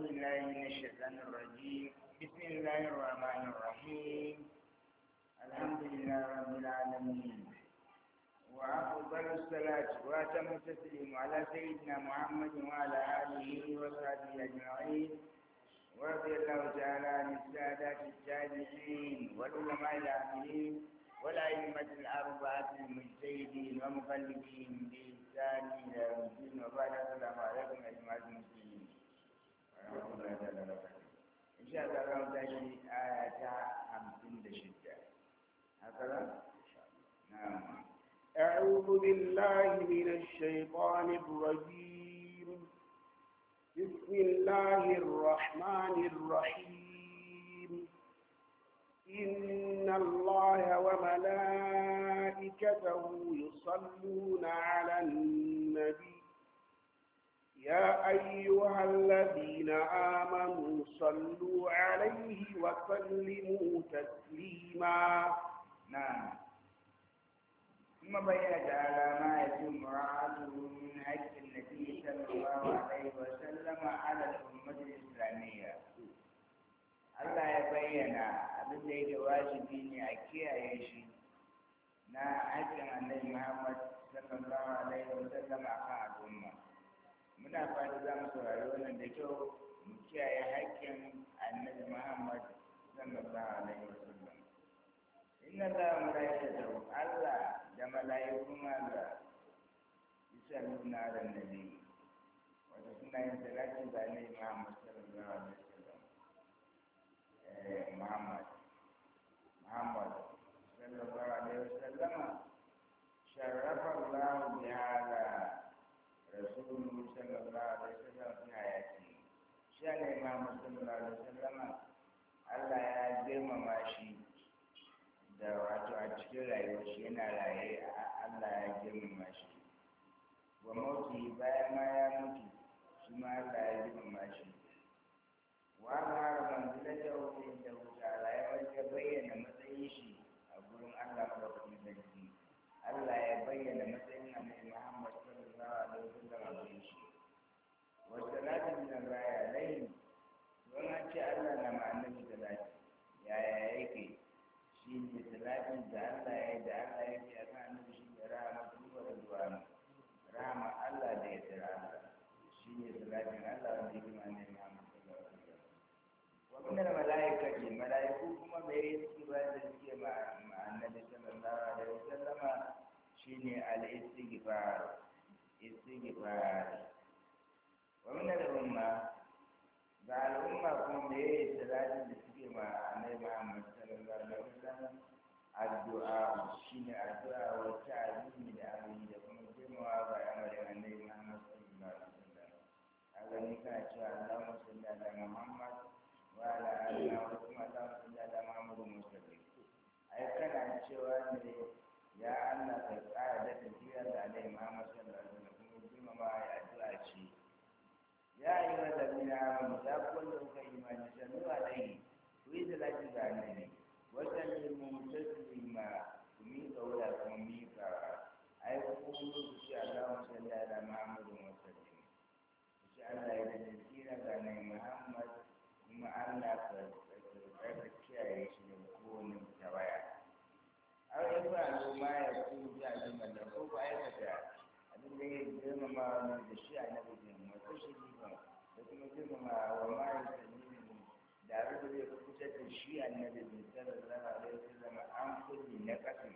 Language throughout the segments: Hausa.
أعوذ بالله من الشيطان الرجيم بسم الله الرحمن الرحيم الحمد لله رب العالمين وأفضل الصلاة وأتم التسليم على سيدنا محمد وعلى آله وصحبه أجمعين ورضي الله تعالى عن السادات التابعين والعلماء العاملين والأئمة الأربعة المجتهدين ومقلدين بإحسان إلى يوم الدين وبعد السلام عليكم أجمعين أعوذ بالله من الشيطان الرجيم بسم الله الرحمن الرحيم إن الله وملائكته يصلون على النبي يا أيها الذين آمنوا صلوا عليه وسلموا تسليما نعم ثم بين تعالى ما يتم مراعاته من حج النبي صلى الله عليه وسلم على الأمة الإسلامية Allah ya bayyana abin da yake wajibi ne a kiyaye shi na aikin annabi Muhammad sallallahu alaihi wa sallam akan al'umma. muna fata za mu saurari wannan da kyau mu kiyaye haƙƙin annabi muhammad sallallahu alaihi wasallam inna allaha malaikatahu allah da malaikun allah yusalluna ala nabi wato suna yin salati ga annabi muhammad sallallahu alaihi wasallam eh muhammad muhammad sallallahu alaihi wasallam شرف الله بهذا sallallahu alaihi wasallam suna yaki shi ne imamu sallallahu alaihi wasallam Allah ya girmama shi da wato a cikin rayuwar shi yana raye Allah ya girmama shi wa mauti bayan ma ya mutu shi ma Allah ya girmama shi wa har manzilatahu inda ta'ala ya bayyana matsayin shi shine al-istighfar istighfar wa min al-umma ga al'umma kuma da yayi salatin da suke ma annabi Muhammad sallallahu alaihi wasallam addu'a shine addu'a wa girmama da shi annabi din wato shi ba da kuma girmama wa mai sanin da da zai kubutar da shi annabi din sallallahu alaihi wasallam an kulli na kasin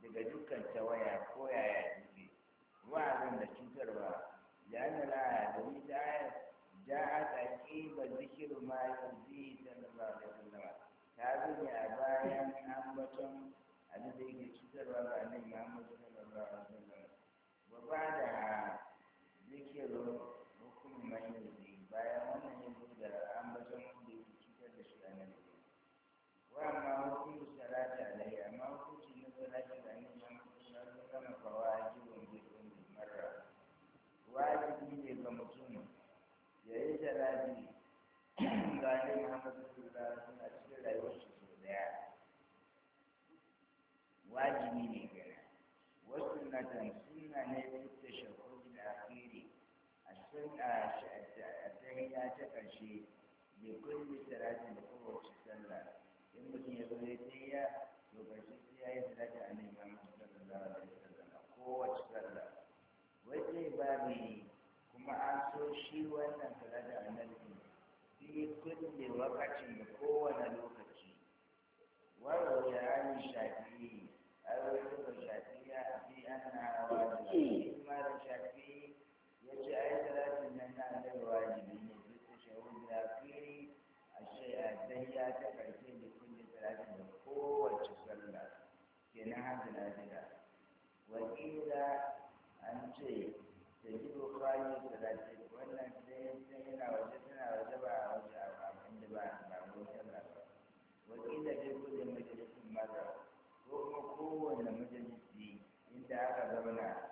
daga dukkan tawaya ko yaya yake wa'azin da cutarwa ya nala domin ta ayar bayan عقيب ذكر ما يرضيه صلى الله عليه وسلم هذه أبايا عامة الذي يشترى عن محمد صلى الله عليه وسلم وبعدها ciyarwar hukumin mai yanzu bayan wannan yin zo da ambaton da ya cikin da shi ranar da wa amma hukumin salata da ya amma hukuncin na salata da ne ya mutu na zuwa na fawa a mara wajibi ne ga mutum ya yi salati ga ne muhammadu sallallahu alaihi cikin rayuwar shi sau daya wajibi ne gana wasu na tansu rana ta ƙarshe bai kulli salati da kowace sallah in mutum ya zo ya tsaya to ƙarshe sai ya yi salati a nan ya mutu sallallahu alaihi wasallam kowace sallah kuma an so shi wannan salati a nan fi kulli wakacin da kowane lokaci walau ya shafi. ta ƙarshe da kulle talatin da kowace sallah ke na hajji na jira wakila an ce ta ji bukari talatin wannan sai sai yana waje tana waje ba a waje a abin da ba a samu sallah ba wakila bai kulle majalisin maza ko kuma kowane majalisi inda aka zauna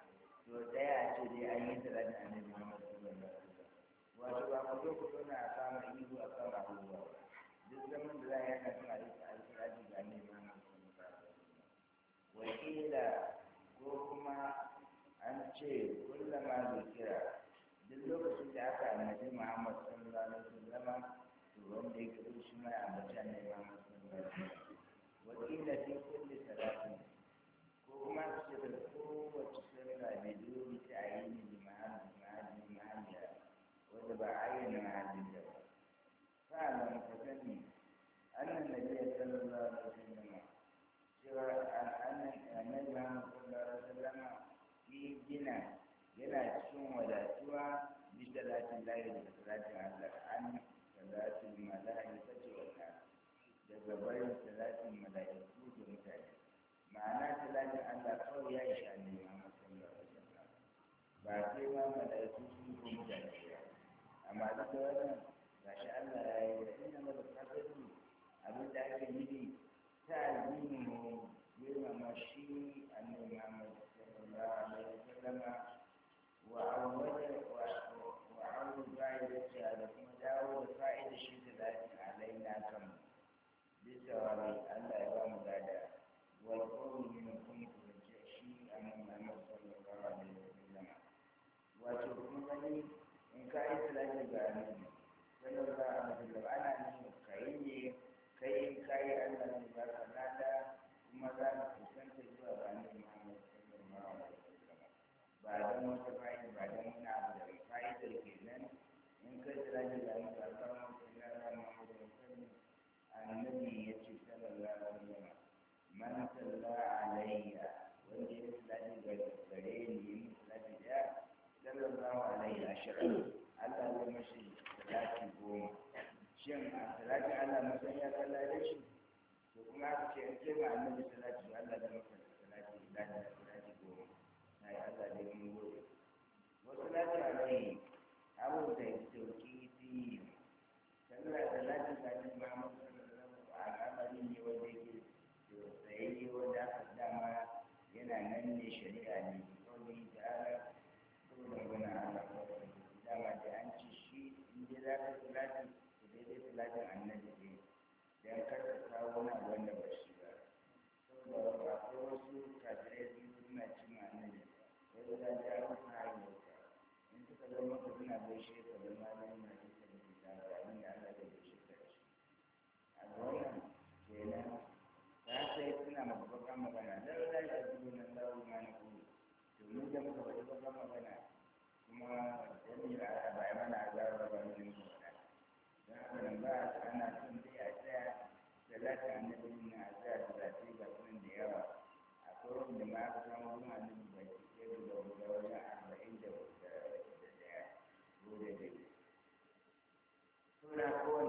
ce kullama zikira duk lokacin da aka annabi Muhammad sallallahu alaihi wasallam to wanda ya kaɗu shi mai ambaci da barin salatin mala'iku da mutane ma'ana salatin Allah kawai ya isa ne Muhammad sallallahu alaihi wasallam ba sai ma mala'iku sun ko mutane ba amma duk da wannan gashi Allah ya yi da inna ma tasabbu abin da ake nufi ta addini mu girmama shi annabi Muhammad sallallahu alaihi wasallam wa awwala wa cewa Allah ya ba mu lada wal qawlu na kun kunce shi annabi Muhammad sallallahu alaihi wasallam wato kun in ka yi salati ga annabi sallallahu alaihi kai ne kai in ka yi Allah ne ka lada kuma za ka kusanta zuwa ga annabi Muhammad sallallahu alaihi ba wata bayan ba wani Allah ya mashi salati goma shin a salatin Allah masan ya salati kuma wani da aka bai mana azaba ba wajen gona don haka nan ba a ana son dai a tsaya salata annabi na tsaya da zafi ga sunan da yawa akwai wanda ma aka samu zuwa annabi ba ke ce da wanda wajen arba'in da daya ko da dai. Sura kowa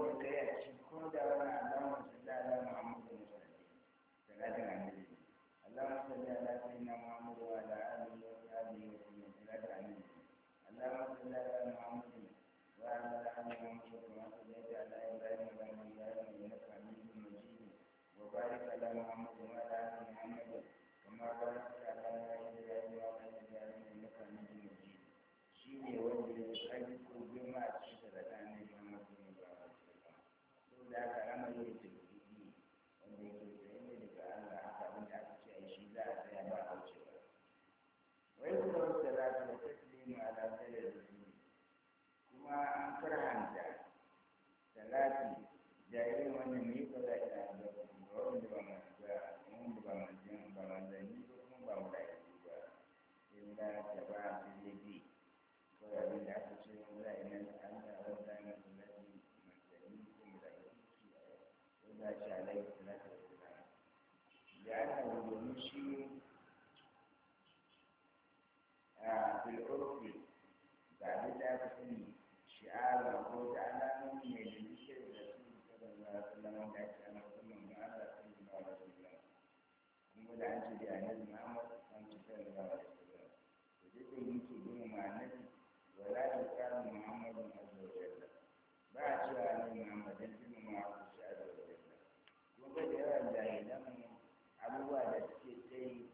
بارك على محمد وعلى آل محمد كما باركت على إبراهيم وعلى آل إبراهيم إنك حميد مجيد shine wanda ya kai ko girma a cikin sadaka na Muhammadu ne ba ba ce ba to da ka rama ne ce ji wanda yake sayin da ka Allah haka mun da aka ce ai shi za a tsaya ba a ce ba wai ko da za ta taslima ala sayyid rasul kuma an karanta salati da yin da an ce da annabi Muhammad an ce sallallahu alaihi wasallam to duk da mun ce gurin ma annabi wala ya kana Muhammadun azza wa jalla ba a cewa annabi Muhammad dan jin mu ma ku shi azza wa jalla ko ga da yawan jahilan mu abubuwa da suke tsayi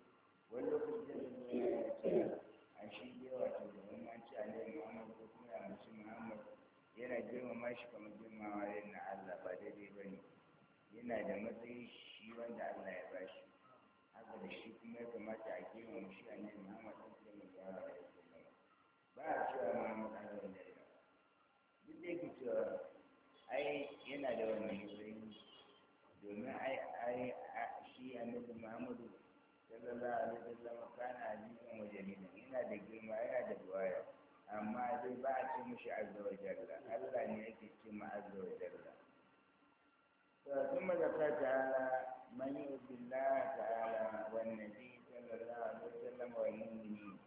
wani lokaci da su ne ya ce a shi da yawa to da mun an ce annabi Muhammad ko kuma ya mace Muhammad yana girmama shi kamar girmamawa yana na Allah ba daidai ba ne yana da matsayi shi wanda Allah kuma ya kamata a girmama shi annabi Muhammad sallallahu alaihi wasallam ba a cewa Muhammad sallallahu alaihi wasallam duk da yake cewa ai yana da wannan yuri domin ai ai shi annabi Muhammad sallallahu alaihi wasallam kana hadisin wajalina yana da girma yana da duwaya amma dai ba a ce mishi azza jalla Allah ne yake ce ma azza wa jalla to kuma da من يؤت الله تعالى والنبي صلى الله عليه وسلم والمؤمنين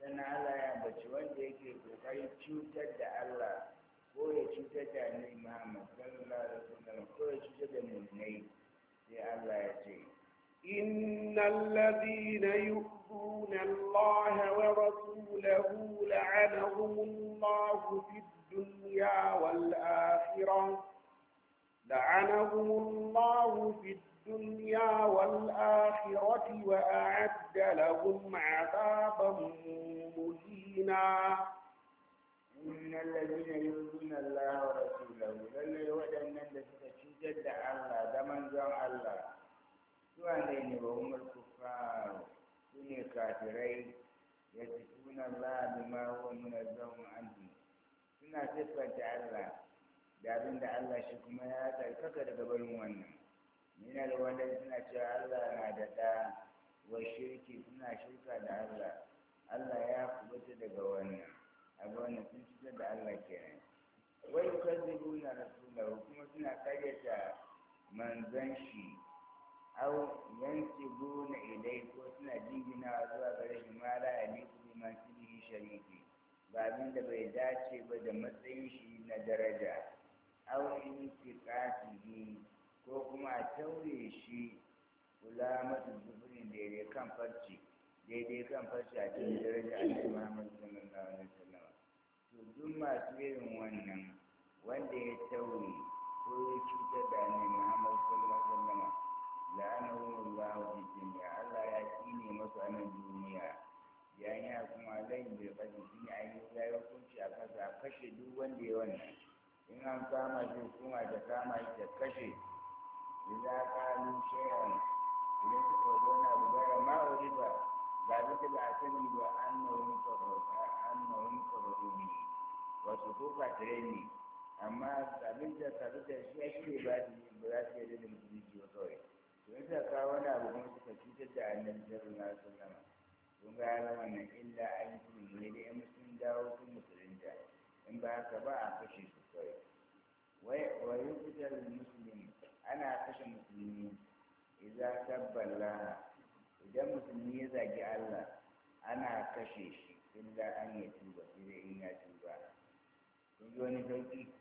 sannan Allah ya baci wanda yake kokarin cutar da Allah ko ya cutar da Annabi Muhammad sallallahu alaihi wasallam ko ya cutar da mu'minai sai Allah ya ce إن الذين يؤذون الله ورسوله لعنهم الله في الدنيا والآخرة لعنهم الله في الدنيا الدنيا والآخرة وأعد لهم عذابا مهينا إن الذين يؤذون الله ورسوله لن يودن أن تشدد الله دمن زم الله سؤالين وهم الكفار دون كافرين يصفون الله بما هو منزه عنه suna siffanta Allah دابن abin da Allah shi قبل ya min alwalad suna cewa Allah na da ɗa wa shirki suna shirka da Allah Allah ya kubuta daga wannan abu wannan sun cutar da Allah kenan wai kazzibuna rasulahu kuma suna karyata manzon shi aw yansibuna ilai ko suna jinginawa zuwa gare shi bi mansibihi shariki ba abinda bai dace ba da matsayin shi na daraja aw intiqatihi ko kuma a taure shi kula mata zuburin daidai kan farci daidai kan farci a cikin daraja a cikin Muhammad sallallahu alaihi wasallam to duk masu irin wannan wanda ya taure ko ya cutar da annabi Muhammad sallallahu alaihi wasallam la'anahu Allah fi dunya Allah ya tsine masa masu nan duniya ya yi a kuma zai bai fadi shi ne ayi ya yi hukunci a kasa kashe duk wanda ya wannan in an kama shi kuma da kama shi da kashe idza qalu shay'an idan suka zo na bugara ma uriba ba duka da asali ba annahum kafaru annahum kafaru bi wato ko kafirai ne amma abin da tafi da shi ya ce ba za su yarda da musulunci ba suka da ga illa an yi kuma ne da yan sun dawo sun musulunta in ba haka ba a kashe su kawai wai wai fitar ana kashe musulmi idan tabbala idan musulmi ya zagi Allah ana kashe shi illa an yi tuba sai dai in ya tuba kun ji wani sauki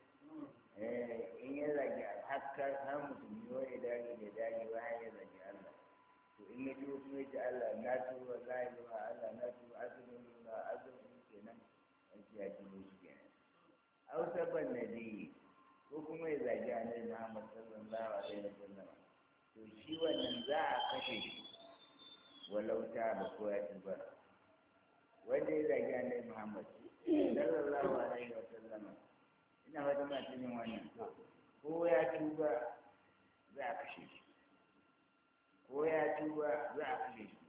eh, in ya zagi hakkar har musulmi ya dage da dage ba ya zagi Allah to in ya tuba kuma ya ce Allah na tuba la zuwa Allah na tuba azumin Allah azumin kenan a ce ya tuba shi kenan au sabban nabiyyi ko kuma ya zagi annabi Muhammad sallallahu alaihi wasallam to shi wannan za a kashe shi walau ta ba ko ya tuba wanda ya zagi annabi Muhammad sallallahu alaihi wasallam ina wata matinin wannan ko ya tuba za a kashe shi ko ya tuba za a kashe shi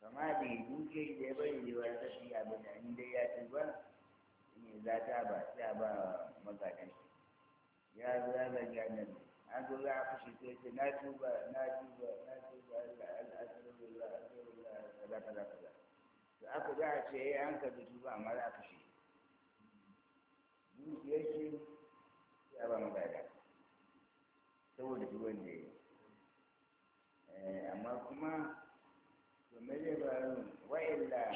kama da ya duke da ya bari da wata tafiya ba da ya tuba ne za ta ba sai a ba magadan shi ya zo ya zage annabi an zo za a fushi ta yace na tuba na tuba na tuba Allah al'asirullah al'asirullah kaza kaza kaza to aka za a ce ya an karbi tuba amma za a kashe dukiyar shi ya ba mu gada saboda tuban da ya amma kuma to me zai faru wa'illa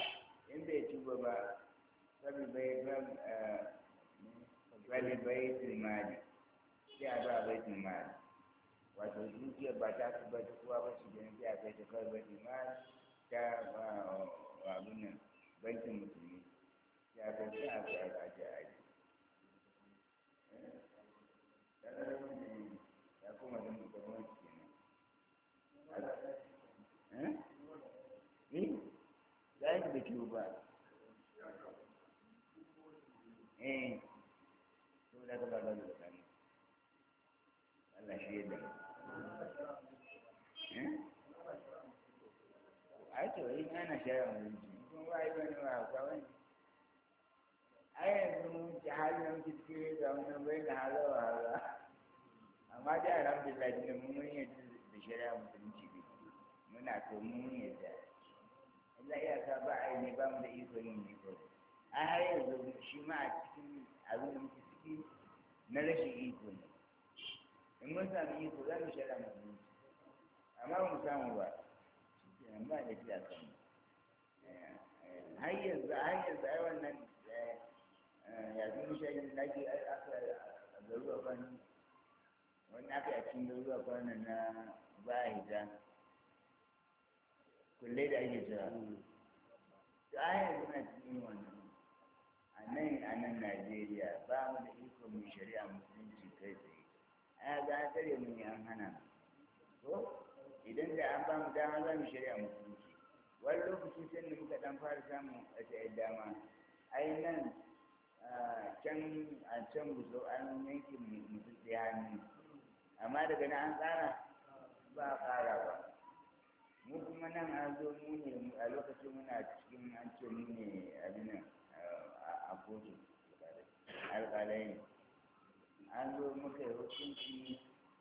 in bai tuba ba sabi bai bai bai bai sai a zuwa baitul mal wato dukiyar ba ta su bai kowa ba shi don sai a kai ta kawai baitul mal ta abin nan bankin musulmi sai a kai sai a kai a kai a kai eh? ya kuma kenan eh? eh? za da kiwo ba eh da ka ba da Allah shirye da eh? ai to yi ana shirya kun wani wa wani ai yanzu halin da bai da halawa amma dai alhamdulillah din mun da shari'a musulunci muna to mun yadda Allah ya sa ba a yi ne ba mu da iko yin ne ko a har yanzu shi ma a cikin abin da muke ciki na rashin iko ne in mun sami ko za mu shaɗa mu amma ba mu samu ba kenan ba da fiya kan eh, har yanzu har yanzu ai wannan eh, eh, ya fi mushayin lagi aka garuwa kwanan wani aka yi a cikin garuwa kwanan na ba a hita kullai da ake ta to a yanzu na cikin wannan a nan a nan najeriya ba mu da iko mu shari'a mu a ga an tsare mu ne an hana to idan da an ba mu dama za mu shirya musulunci wani lokaci sai da muka dan fara samun yi dama ai nan can a can buzo an yanke mutum ɗaya hannu amma daga nan an tsara ba a ƙara ba mu kuma nan an zo mu ne a lokacin muna cikin an ce mu ne abin nan a kotu alƙalai ne an zo muka yi hukunci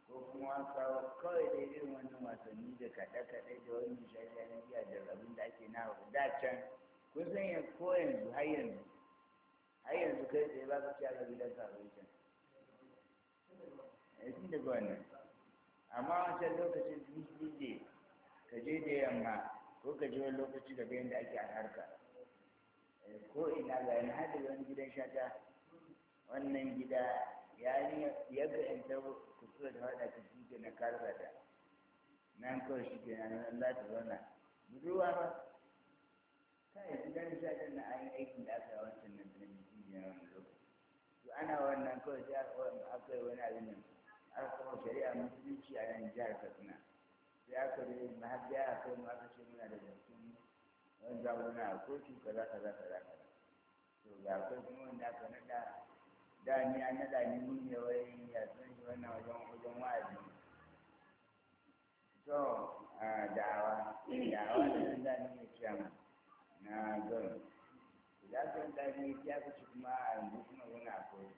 ko kuma an kawo kawai dai irin wannan wasanni da kaɗe-kaɗe da wani shaye na giya da rabin da ake na da can kun san yanzu ko yanzu har yanzu har yanzu kai tsaye ba ka ci a gidan sabon can eh, tun da wannan amma wancan lokacin dj ka je da yamma ko ka je wani lokaci daga yadda ake a harka eh, ko ina ga yana haɗa wani gidan shata wannan gida yarinya yadda in ta kusura da faɗa ta jike na karfa ta nan kawai shi ke nan za ta zauna budurwa ba ta yi gidan nishaɗin na an yi aikin da aka yi wancan nan da miji ne wani lokaci to ana wannan kawai sai aka yi wani abin nan aka kama shari'a musulunci a nan jihar katsina sai aka yi mahaifiya a kai mu aka ce muna da jikin wani zaɓuna a kotu kaza kaza kaza kaza to ga akwai kuma wanda aka naɗa da ni an naɗa ni mun ne wai ya san shi wannan wajen wajen wa'azi to da'awa da'awa da nan da ni ne kiyama na zon ya san da ni ya kace kuma a yanzu kuma wani akwai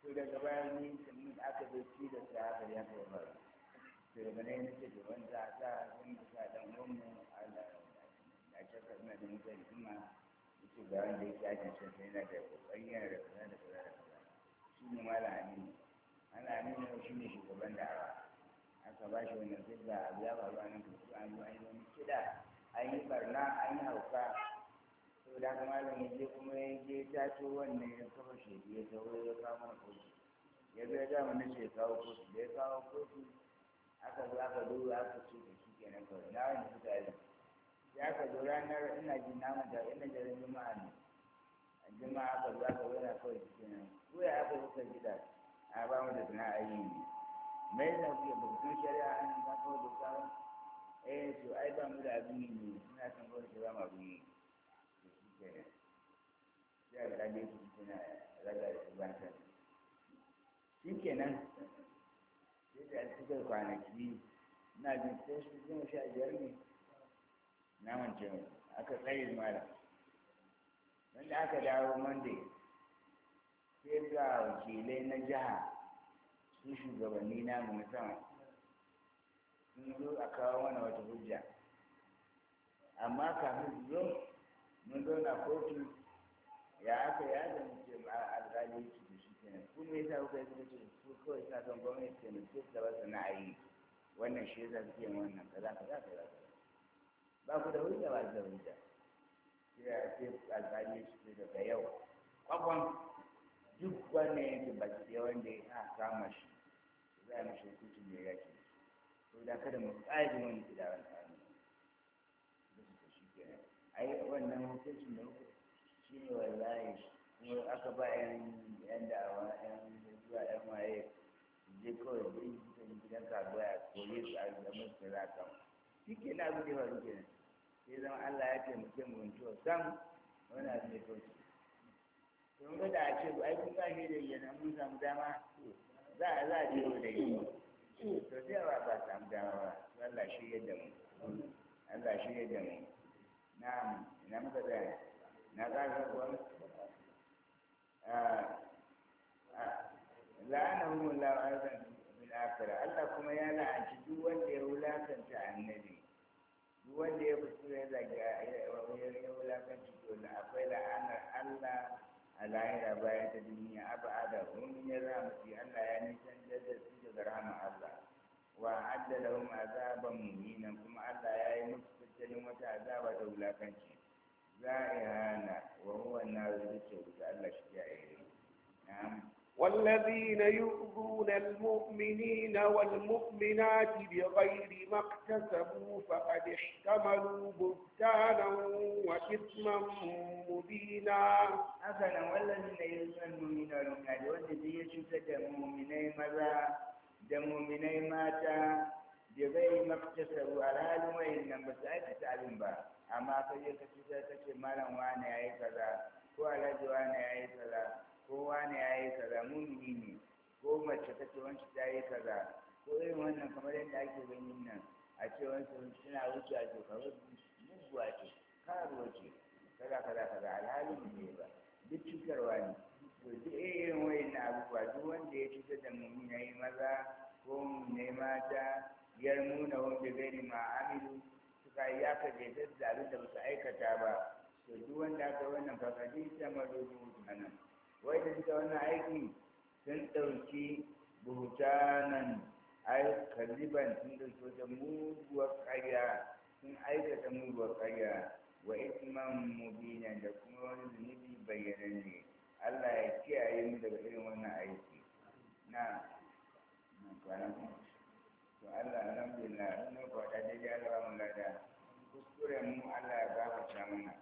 to daga baya ni mun aka zo ci da su aka ya yi ba to daga nan ce da wanda a sa sun da sa dan wannan ala a cikin na da mutane kuma yake ga wanda yake ajin shi yana da kokari yana da kana da shi ne malam aminu ana aminu shi ne shugaban da aka ba shi wannan duk da abu ya faru an kusa an yi an yi wani kiɗa an yi barna an yi hauka to da kuma da ne je kuma ya je ta to wannan ya kafa shaidu ya taho ya kawo mana kotu ya zo ya ga mana shi ya kawo kotu da ya kawo kotu aka zo aka zo aka ce da shi kenan kawai na wani suka yi Ya ka zo ranar ina jin namun da ina jarin juma'a ne juma'a ma za ka yana kawai jikin nan ko gida na ba da sana'a yi ne mai na kuke bukutun shari'a an yi kan kawai doka ba eh to ai ba da abin ne na son kawai shi ba mu abin yi na shi kenan sai a rage su suna na na na wanda aka dawo monday sai ga wakilai na jiha su shugabanni na mu sama sun zo a kawo mana wata hujja amma kafin su zo mun zauna kotu ya aka adam ce muke a alƙali yake da shi kenan ku me yasa kuka yi suka ce su kawai sa son gwamnati mai mace ta ba na ayi wannan shi su ce wannan kaza kaza kaza ba ku da hujja ba da hujja sai alfani su ne daga yau kwakwan duk wani wanda yake yawan da ya kama shi za a mashi hukuncin da ya yake to da kada mu tsari wani gida wani tsari da su shi ke yi wannan hukuncin da shi ne wallahi kuma aka ba yan yan da'awa yan zuwa yan waye je kawai da yi gidan karuwa ya koye su a zama su za a kama shi ke na abu da ya faru kenan sai zama Allah ya taimake mu mutuwa sam wani abu ne kawai don ga da a ce ai kun ba shi da yana mun samu dama za a za a je da yi to sai ba ba samu dama ba Allah shi yadda mu Allah shi yadda mu na ina muka tsaya na za ka kuwa ah, ah, la'anahum Allah azan bil Allah kuma ya la'anci duk wanda ya wulakanta annabi wanda ya fito ya wani ya wulakanci dole akwai la'anar Allah a lahira bayan ta duniya abada mun ya rahmati Allah ya nisan da su daga rama Allah wa adda lahum azaban muhina kuma Allah ya yi musu tattalin wata azaba da wulakanci za a yi hana wa huwa na wuta Allah shi ya yi na'am والذين يؤذون المؤمنين والمؤمنات بغير ما اكتسبوا فقد احتملوا بهتانا وإثما مبينا. أفلا والذين يؤذون المؤمنين والمؤمنات والذين يشتكون المؤمنين ماذا؟ المؤمنين ماتا بغير ما اكتسبوا على هذا ما ينام بس أي تعلم بها أما فجأة كتبت مالا وأنا أي كذا وأنا أي كذا kowa ne ya yi kaza mumini ne ko mace ta ce wancan ta yi kaza ko irin wannan kamar yadda ake ganin nan a ce wancan suna wuce a shekaru muguwa ce karuwa ce kaza kaza kaza mu ne ba duk cutarwa ne to duk irin wayan abubuwa duk wanda ya cutar da yi maza ko ne mata Yar yarmuna wanda gani ma'amilu suka yi aka jefar da abin da ba su aikata ba to duk wanda aka wannan fakadin ta mu nan wai da suka wani aiki sun ɗauki buhutanan ai kaliban sun ɗauki wata muguwar ƙarya sun aikata muguwar ƙarya wa isman mubina da kuma wani zunubi bayyanan ne Allah ya kiyaye mu daga irin wannan aiki na kwanaki to Allah alhamdulillah in na kwada dai ya zama mu lada kuskure mu Allah ya gafarta mana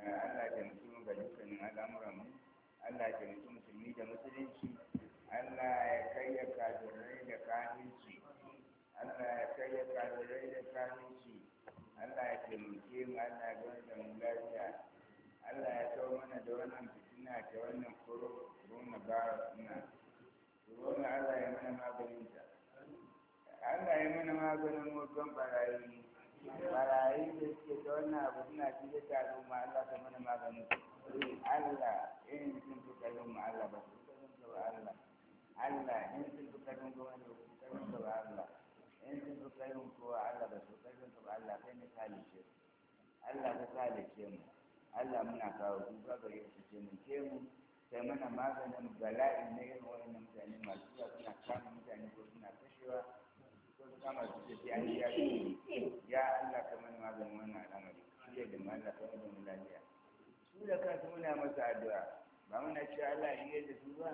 eh, Allah ya mutu ga dukkanin al'amuran mu Allah ya taimaki musulmi da musulunci Allah ya karya kafirai da kafirci Allah ya karya kafirai da kaminci. Allah ya taimake mu Allah ya gani da mu lafiya Allah ya kawo mana da wannan fitina ta wannan corona virus na corona Allah ya mana maganin ta Allah ya mana maganin mutuwan barayi barayi da suke ta wannan abu suna cikin al'umma Allah ka mana maganin Allah irin sun fi ba su ƙarfin sa Allah Allah in sun fi ƙarfin kowa ne su ƙarfin sa Allah in sun fi ƙarfin kowa Allah ba su ƙarfin sa Allah kai ne kalice Allah ka kalice mu Allah muna kawo duka gare su ce mu ke mu sai mana maganin bala'in na irin wa'annan mutane masu zuwa suna kama mutane ko suna kashewa ko su kama su ce ya ya ya Allah maganin wannan al'amari shi da mu Allah kamar da lafiya su da kansu muna masa addu'a ba muna cewa Allah shi ya da su ba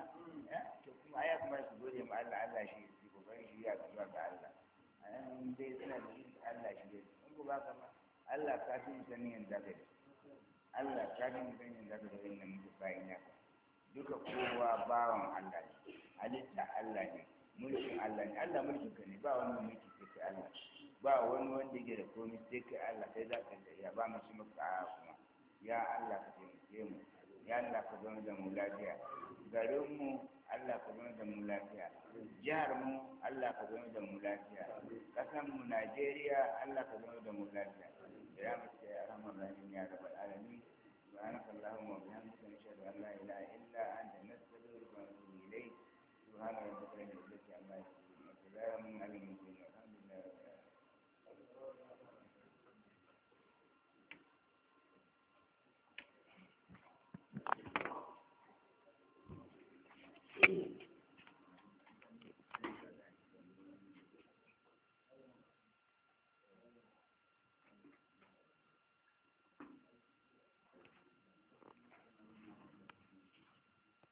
eh, to kuma aya kuma su gode ma Allah Allah shi su kokarin shi ya zuwa ga Allah a nan dai suna da shi Allah shi ne in ku ba ka ma Allah ka fi musanin yan da da Allah ka fi musanin yanzu ka da wannan mutu bayin ya duka kowa bawan Allah ne halitta Allah ne mulkin Allah ne Allah mulkin ka ne ba wani mulki sai Allah ba wani wanda yake da komai sai kai Allah sai za da ya ba masu maka ah, kuma ya Allah ka taimake mu ya Allah ka zama da mu lafiya garin mu Allah ka zama da mu lafiya jihar mu Allah ka zama da mu lafiya kasan mu Najeriya Allah ka zama da mu lafiya ya mu ce ya rahman rahim ya rabbal alamin سبحانك اللهم وبحمدك نشهد ان لا اله الا انت نستغفرك ونتوب اليك سبحان ربك رب العزه عما يصفون وسلام على المرسلين